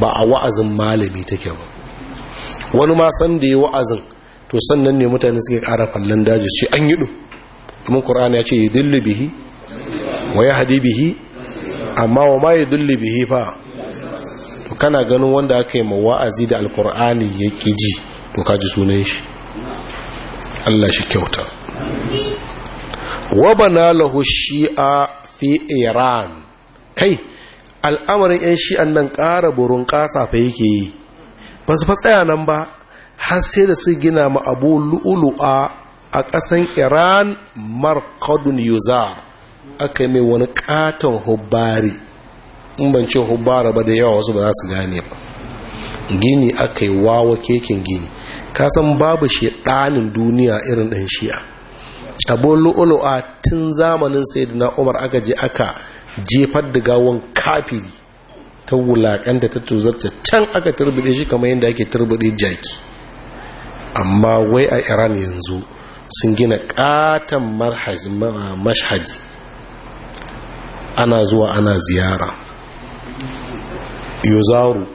Speaker 1: ba a wa'azin malami take ba wani ma san da ya wa'azin to sannan ne mutane suke ƙara fallon daji ce an yi ɗu ya ce ya dillu bihi wa ya hadi bihi amma wa ma yadulli bihi fa to kana ganin wanda aka yi ma wa'azi da alkur'ani ya ji to ka ji sunan shi Allah shi kyauta wa bana lahu shi'a fi iran kai al'amarin 'yan shi'an nan ƙara burin ƙasa fa yake yi ba su fatsaya nan ba har sai da su gina ma abu lu'ulu'a a ƙasan iran markadun yuzar aka yi mai wani katon hubari in ban ce hubara ba da yawa wasu ba za su gane ba gini aka yi wawa kekin gini kasan babu shi ɗanin duniya irin ɗan shi'a abun lu'ulu'a tun zamanin da umar aka je aka jefar da gawon kafiri ta wulaƙanta ta tuzarta can aka turbide shi kamar yadda ake turbide jaki amma wai a iran yanzu sun gina ƙaton mashhadi ana zuwa ana ziyara yuzaru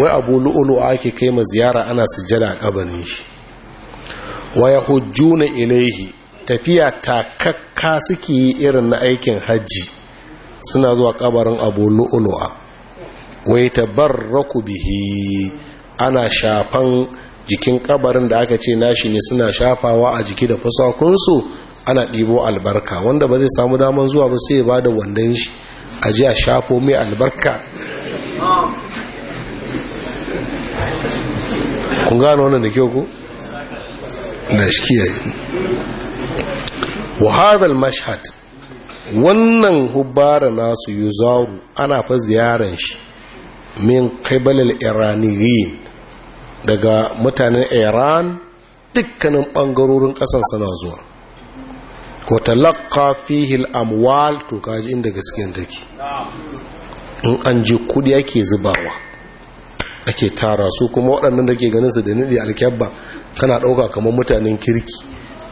Speaker 1: wai abu lu'ulu ake kai ma ziyara ana sujjada a kabarin shi wa na ilaihi tafiya takakka suke yi irin na aikin hajji suna zuwa kabarin abu lu'ulu'a wai tabarraku bihi ana shafan jikin kabarin da aka ce nashi ne suna shafawa a jiki da fasakunsu ana ɗibo albarka wanda ba zai samu daman zuwa ba sai ba da wandon shi a ji a shafo mai albarka kun gano wannan da kyau ku? na shikiyar waharar mashhad wannan hubbara nasu yi zauru ana fa ziyarar shi min kaibalar iraniyin daga mutanen iran dukkanin ɓangarorin ƙasar suna zuwa wa talaqqa fihi amwal to kaji inda gaskiyan take in an ji kudi ake zubawa ake tara su kuma waɗannan da ke ganin su da nidi alkyabba kana ɗauka kamar mutanen kirki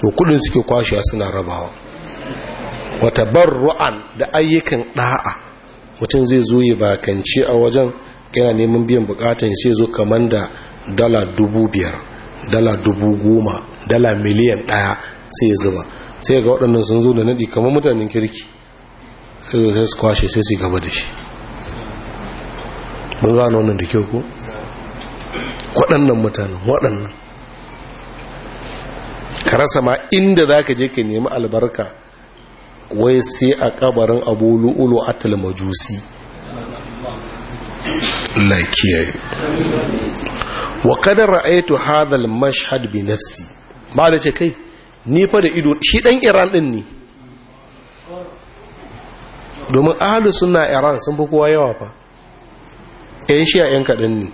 Speaker 1: to kudin suke kwashewa suna rabawa wata ru'an da ayyukan ɗa'a mutum zai zo yi bakanci a wajen yana neman biyan bukatan sai zo kamar da dala dubu biyar dala dubu goma dala miliyan ɗaya sai ya zuba sai ga waɗannan sun zo da naɗi kamar mutanen kirki sai zo sai su kwashe sai su gaba da shi mun gano wannan da kyau ko waɗannan mutanen waɗannan ka rasa ma inda za ka je ka nemi albarka wai sai a kabarin abu lu'ulu a talmajusi la wa kadar ra'ayi to al-mashhad bi nafsi ba da ce kai ni fa da ido shi dan iran din ne domin ahalus suna iran sun fi kowa yawa fa yan shi a ƴan kaɗan ne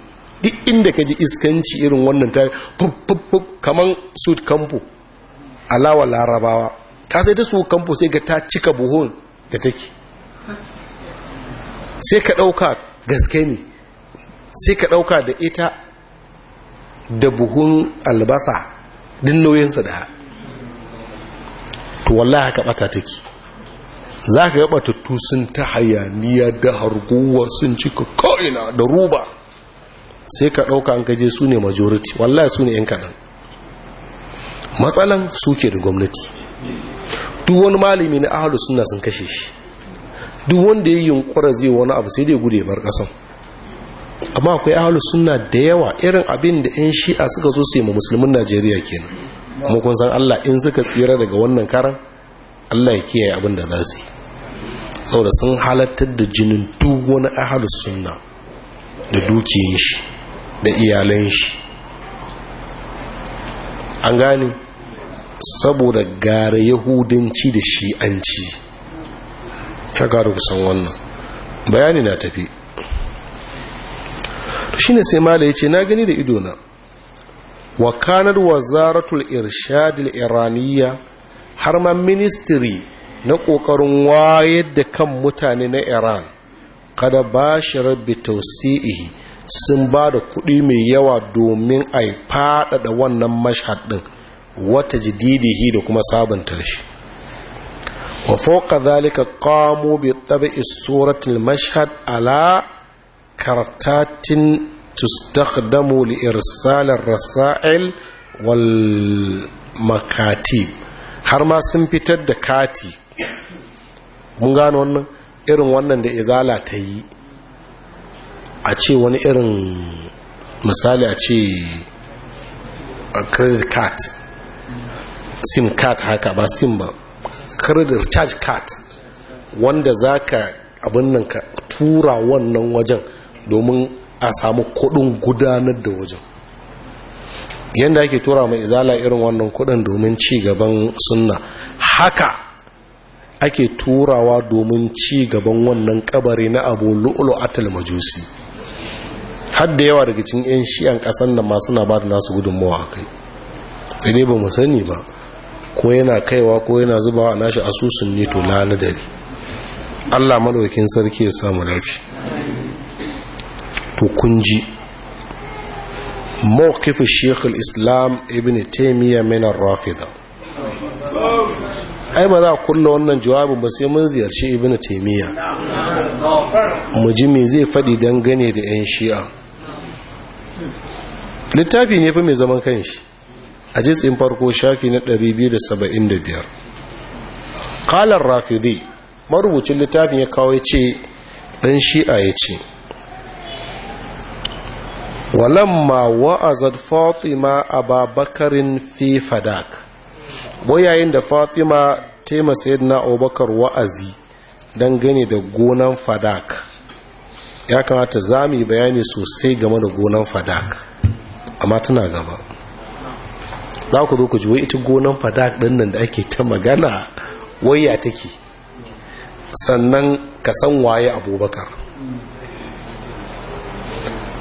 Speaker 1: duk inda ka ji iskanci irin wannan ta fuffuffuf kamar su kamfo alawa larabawa ka sai ta su kamfo sai ga ta cika buhun da take sai ka ɗauka gaske ne sai ka ɗauka da ita da buhun albasa din nauyinsa da to wallahi haka bata take za ka yaba tattu sun ta hayaniya da harguwa sun cika ko'ina da ruba sai ka ɗauka an gaje su ne majority wallahi su ne 'yan kaɗan matsalan suke da gwamnati duk wani malami na ahalu suna sun kashe shi duk wanda ya yi yunkura zai wani abu sai dai gude bar ƙasan amma akwai ahalu suna da yawa irin abin da 'yan shi'a suka zo sai ma musulmin najeriya kenan mu kun san Allah in suka tsira daga wannan karan Allah ya kiyaye abin da za su yi saboda sun halattar da jinin duk wani ahalus sunna da dukiyin shi da iyalan shi an gane saboda gare yahudanci da shi'anci ya gara kusan wannan bayani na tafi shi ne sai mala ya ce na gani da idona wa kanar wazaratul irshadil iraniya har ma ministry na ƙoƙarin wayar da kan mutane na iran kada ba shi rabbi tausi'ihi sun ba da kuɗi mai yawa domin a faɗaɗa wannan mashhad ɗin wata jididihi da kuma sabunta shi wa fauka zalika qamu bi tabi'i suratul mashhad ala kartatin تستخدم لإرسال الرسائل والمكاتب har ma sun fitar da kati mun gano wannan irin wannan da izala ta yi a ce wani irin misali a ce credit card sim card haka ba sim ba credit charge card wanda za ka abin nan ka tura wannan wajen domin a samu kudin gudanar da wajen yadda ake tura mai izala irin wannan kudin domin ci gaban sunna haka ake turawa domin ci gaban wannan kabari na abu lu'ulu atal majusi har da yawa daga cikin 'yan shi'an kasan da masu na ba da nasu gudunmawa kai sai ba mu sani ba ko yana kaiwa ko yana zubawa a nashi asusun ne to lana dare Allah madaukin sarki ya samu dace wato kunji mawqif shaykh islam ibn taimiyya min rafida ai ba za a kulla wannan jawabin ba sai mun ziyarci ibn taimiyya mu ji zai faɗi dangane da 'yan shi'a littafi ne fi mai zaman kanshi a jitsin farko shafi na 275 kalar rafidi marubucin littafin ya kawo ce ɗan shi'a ya ce walamma wa'azat fatima ababakarin fi fadak yayin da fatima taima sayyidina abubakar wa'azi dangane da gonan fadak ya kamata za mu yi bayani sosai game da gonan fadak amma tana gaba za ku zo ku ji wai ita gonan fadak ɗin nan da ake ta magana waya take sannan ka san waye abubakar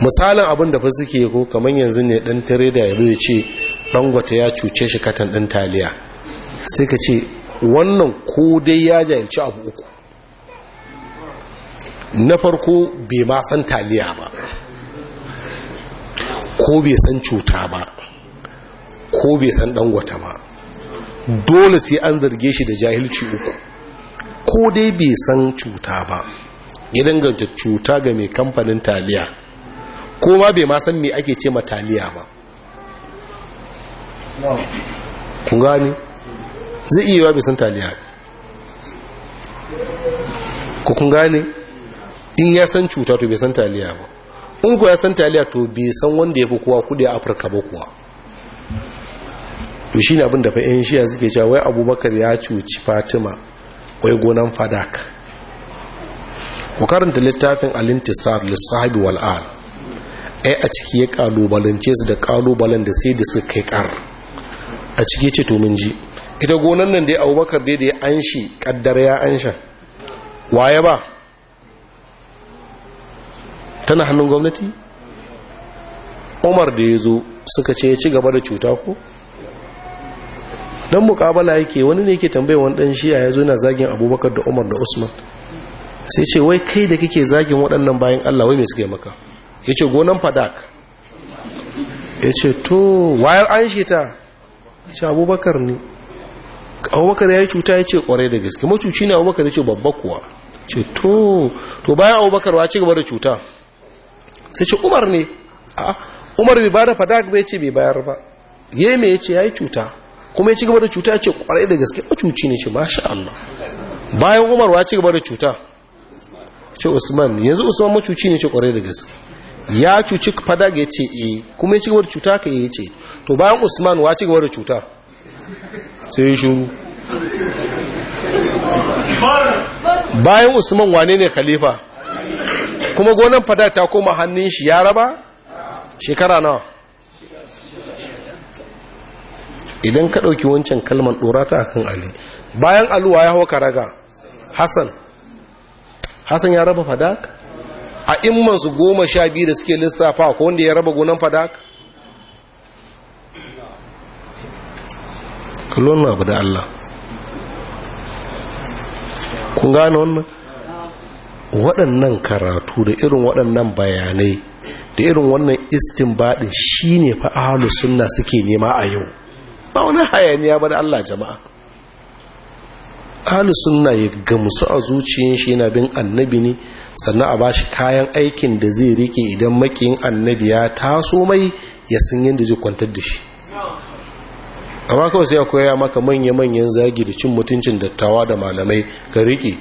Speaker 1: misalin abin da fa suke ko kamar yanzu ne dan tireda ya ya ce gwata ya cuce shi katan ɗan taliya sai ka ce wannan ko dai ya jayanci abu uku na farko bai ma san taliya ba ko bai san cuta ba ko bai san gwata ba dole sai an zarge shi da jahilci uku ko dai bai san cuta ba ya danganta cuta ga mai kamfanin taliya ko ma bai ma san me ake ce mataliya ba ku gani zai iya wa bai san taliya ku kun gani in ya san cuta to bai san taliya ba in ku ya san taliya to bai san wanda ya fi kowa kudi a afirka ba kuwa to shi ne abinda fa'in shiya suke cewa wai abubakar ya cuci fatima wai gonan fadak ku karanta littafin alintisar lissahabi wal'ad. ai a ciki ya kalubalance su da kalubalen da sai da su kai kar a ciki ce to mun ji ita gonan nan da ya dai da ya an shi kaddar ya an sha waye ba tana hannun gwamnati umar da ya zo suka ce ya ci gaba da cuta ko dan mukabala yake wani ne yake tambaye wani dan shiya ya zo na zagin abubakar da umar da usman sai ce wai kai da kake zagin waɗannan bayan allah wai mai suka yi maka ya ce gonan fadak ya ce to wayar an shi ta ce abubakar ne abubakar ya yi cuta ya ce kwarai da gaske macuci ne abubakar ya ce babba kuwa ce to to bayan abubakar wa ci gaba da cuta sai ce umar ne a umar bai ba da fadak bai ce bai bayar ba ya mai ya ce ya yi cuta kuma ya ci gaba da cuta ya ce kwarai da gaske macuci ne ce masha Allah bayan umar wa ci gaba da cuta ce usman yanzu usman macuci ne ce kwarai da gaske ya cuci fadag ya ce e kuma ya ci gaba da cuta ka ya ce to bayan usman wa ci gaba da cuta sai ya shuru bayan usman wane ne khalifa kuma gonan fadag ta koma hannun shi ya raba shekara nawa idan ka ɗauki wancan kalmar ɗora ta akan ali bayan aluwa ya hau karaga hassan hassan ya raba fadak a immansu goma sha biyu da suke lissafa ko wanda ya raba gonan fadak Kullum abu da Allah kun gane wannan waɗannan karatu da irin waɗannan bayanai da irin wannan baɗi shi ne fa suna sunna suke nema a yau ba wani hayaniya ba da Allah jama'a ahalu ya gamsu a zuciyar shi na bin annabi ne sannan a bashi kayan aikin da zai rike idan makiyin annabi ya taso mai ya san yadda zai kwantar da shi amma kawai sai ya koya maka manya-manyan zagi da cin mutuncin dattawa da malamai ka rike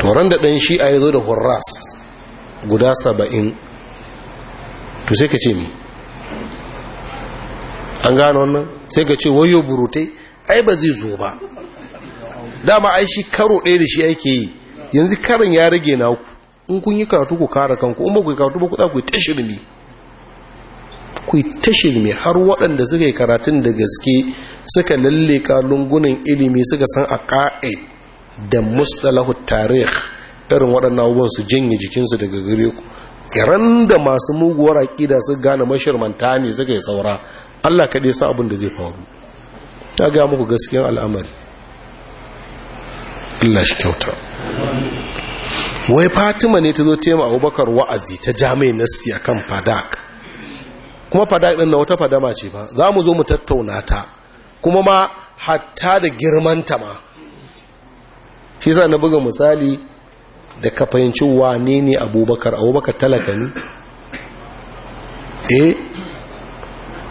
Speaker 1: toron da ɗan shi a yi zo da horas guda saba'in to sai ka ce mi an gano wannan sai ka ce wayo burutai ai ba zai zo ba dama ai shi karo ɗaya da shi ake yi yanzu karin ya rage naku in kun yi karatu ku kare kanku in ba ku yi karatu ba ku ku yi ta shirme ku yi ta shirme har waɗanda suka yi karatun da gaske suka lalle lungunan ilimi suka san a ƙa'id da mustalahu tarih irin waɗannan abubuwan su janye jikinsu daga gare ku ran da masu muguwar aƙida su gane mashirmanta ne suka yi saura allah kaɗai sa abin da zai faru ta gaya muku gaskiyar al'amari allah shi kyauta wai fatima ne ta zo tema abubakar wa'azi ta jami'in nasti a kan fadak kuma fadak ɗin na wata fadama ce ba za mu zo mu tattauna ta kuma ma hatta da girmanta ma shi sa na buga misali da ka fahimci wane ne abubakar abubakar talaka ne e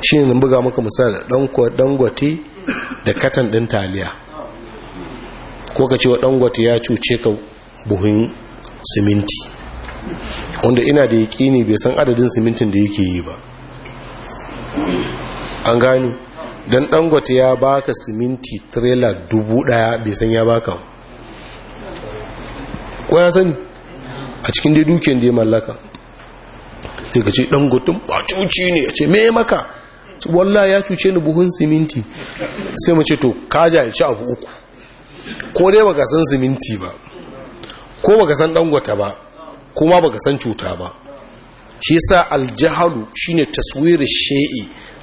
Speaker 1: shi ne na buga maka misali da ɗangote da katan ɗin taliya ko ka ce wa dangote ya cuce ka buhun siminti wanda ina da yaƙini bai san adadin simintin da yake yi ba an gani don dangote ya baka siminti trailer dubu daya bai san ya baka ko ya sani a cikin dai dukiyar da ya mallaka sai ka ce dangotin ba cuci ne a ce me maka wallah ya cuce ni buhun siminti sai mu ce to kaja ya ci abu uku ko dai baka san siminti ba ko baka san dangwata ba kuma baka san cuta ba shi yasa aljahalu shine taswiri shay'i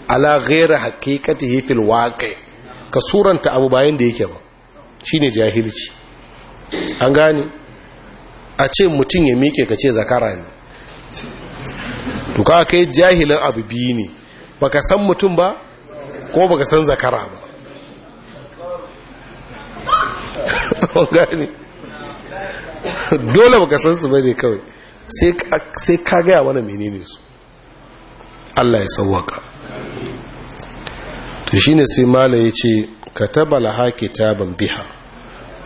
Speaker 1: ala gaira haqiqatihi fil waqi ka suranta abu bayan da yake ba shine jahilci an gane a ce mutum ya mike ka ce zakara ne to kai jahilin abu biyu ne baka san mutum ba ko baka san zakara ba dole baka san su bane kawai sai ka gaya mana menene su Allah ya sawwaka to shine sai mala yace kataba laha kitaban biha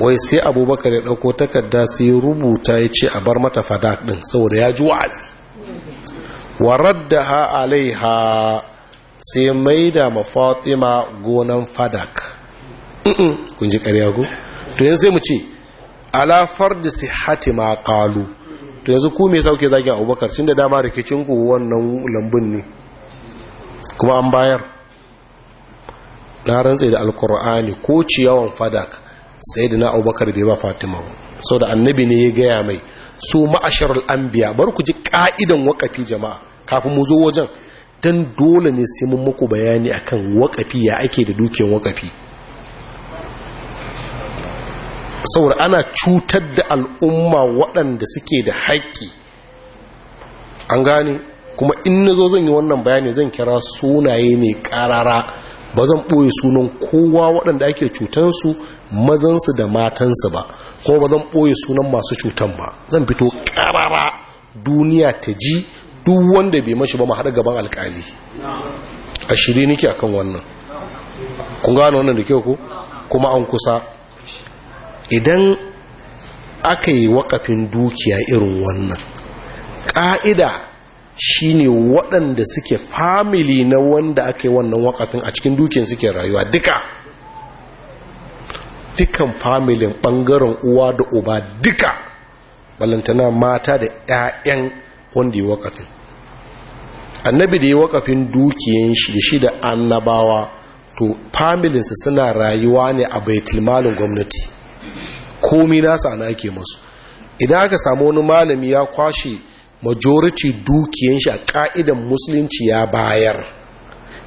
Speaker 1: wai sai abubakar ya ɗauko takarda sai rubuta ya ce a bar mata fadak din saboda ya ji wa'azi wa raddaha alaiha sai maida ma gonan fadak kun ji ƙarya ko to yanzu sai mu ce ala fardi sihati ma qalu to yanzu ku me sauke zagin Abubakar tunda dama rikicin ku wannan lambun ne kuma an bayar na rantse da alkur'ani ko ciyawan fadak na Abubakar bai ba Fatima saboda annabi ne ya gaya mai su ma'asharul anbiya bar ku ji ka'idan wakafi jama'a kafin mu zo wajen dan dole ne sai mun muku bayani akan wakafi ya ake da dukiyar wakafi saboda ana cutar da al'umma waɗanda suke da haƙƙi an gane kuma in na zo zan yi wannan bayani zan kira sunaye mai ƙarara ba zan ɓoye sunan kowa waɗanda ake cutansu mazansu da matansu ba ko ba zan ɓoye sunan masu cutan ba zan fito ƙarara duniya ta ji duk wanda bai mashi ba ma haɗa gaban alƙali a shirye nake akan wannan kun gane wannan da kyau ko kuma an kusa idan aka yi wakafin dukiya irin wannan ƙa'ida shi ne waɗanda suke famili na wanda aka yi wannan wakafin a cikin dukiyar suke rayuwa duka dukan familin ɓangaren uwa da uba duka balantana mata da 'ya'yan wanda yi wakafin annabi da yi wakafin dukiyan shi da shi da annabawa to familinsa suna rayuwa ne a baitulmalin gwamnati komi nasa na ake masu idan aka samu wani malami ya kwashe majority dukiyan shi a ka'idan musulunci ya bayar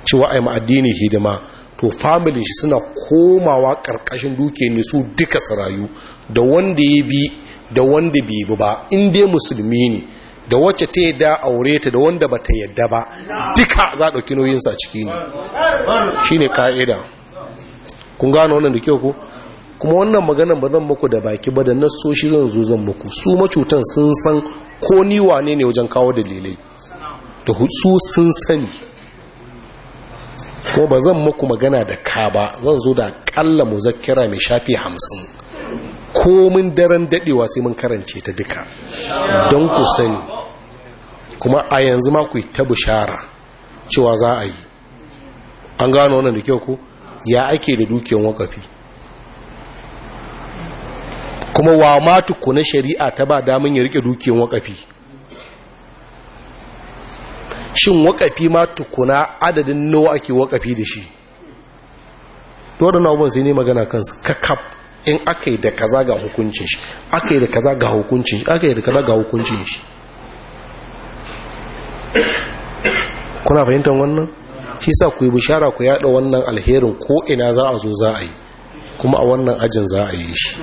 Speaker 1: cewa a yi ma'addini hidima to family shi suna komawa karkashin dukiyan ne su duka sarayu da wanda ya bi da wanda bai bi ba in dai musulmi ne da wacce ta yadda aure ta da wanda ba ta yadda ba duka za a ɗauki nauyinsa ciki ne shi ne ka'ida kun gano wannan da kyau ko kuma wannan maganan ba zan muku da baki ba da shi zan zo zan muku su macutan sun san ko ni wane ne wajen kawo dalilai da hutsu sun sani kuma ba zan muku magana da ka ba zan zo da kalla muzakkira mai shafi hamsin Ko mun daren dadewa sai mun karance ta duka don ku sani kuma a yanzu ma ku yi ta bishara cewa za a yi an gano wannan da kyau ku ya ake da dukiyar wakafi kuma wa ma tukuna shari'a ta ba damin ya rike dukiyar wakafi shin wakafi ma tukuna adadin nawa ake wakafi da shi waɗannan abubuwan sai ne magana kansu kakaf in aka yi da kaza ga hukuncin shi aka yi da kaza ga hukuncin shi aka yi da kaza ga hukuncin shi kuna fahimtar wannan shi sa ku yi bishara ku yada wannan alherin ko ina za a zo za a yi kuma a wannan ajin za a yi shi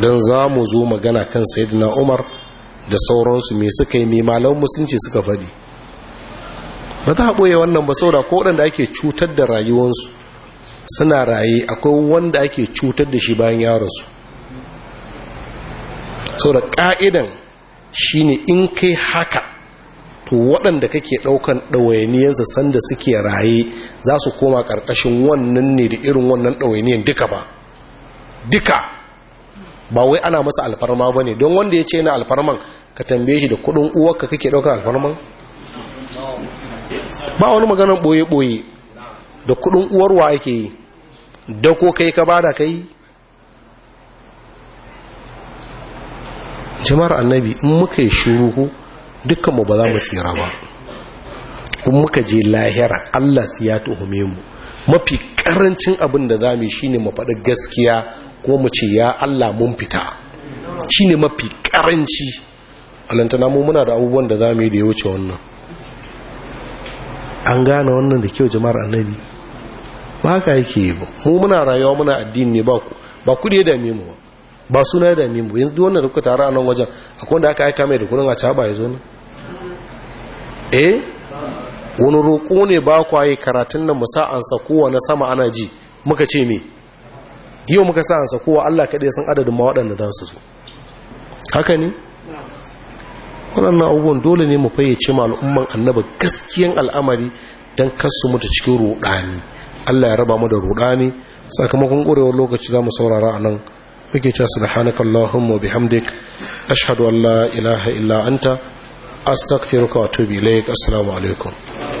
Speaker 1: don za mu zo magana kan sayyidina umar da sauransu me suka yi mai musulunci suka faɗi ba ta haɓoye wannan ba ko waɗanda ake cutar da rayuwarsu suna raye akwai wanda ake cutar da shi bayan yaransu. sau da ƙa'idan ne in kai haka to waɗanda kake ɗaukan ɗawainiyarsa sanda suke raye za su koma ƙarƙashin wannan ne da irin wannan ɗawainiyar duka ba duka ba wai ana masa alfarma ba ne don wanda ya ce na alfarman ka tambaye shi da kudin uwarka kake daukar alfarman ba wani maganar boye-boye da kudin uwarwa ake yi da ko kai ka bada kai jama'ar annabi in muka yi shuru ko dukkanmu ba za mu tsira ba in muka je lahira allah ya tuhume mu mafi karancin abin da za mu shi ne mu faɗi gaskiya ko mu ce ya Allah mun fita shi ne mafi karanci alantana mu muna da abubuwan da za mu yi da ya wuce wannan an gane wannan da kyau jama'ar annabi ba ka yake ba mu muna rayuwa muna addini ne ba ku ba ku da dame mu ba suna ya dame mu yanzu wannan da kuka tare a nan wajen akwai wanda aka aika mai da kudin a caba ya zo nan eh wani roƙo ne ba kwaye karatun nan musa an sa kowane sama ana ji muka ce me yau muka sa ansa kowa Allah kaɗai san adadin ma za su zo haka ne waɗannan abubuwan dole ne mu fayyace ma al'umman annaba gaskiyan al'amari don kasu mutu cikin ruɗani Allah ya raba mu da ruɗani sakamakon ƙorewar lokaci za mu saurara a nan muke cewa subhanaka allahumma wa bihamdik ashhadu an la ilaha illa anta astaghfiruka wa atubu assalamu alaikum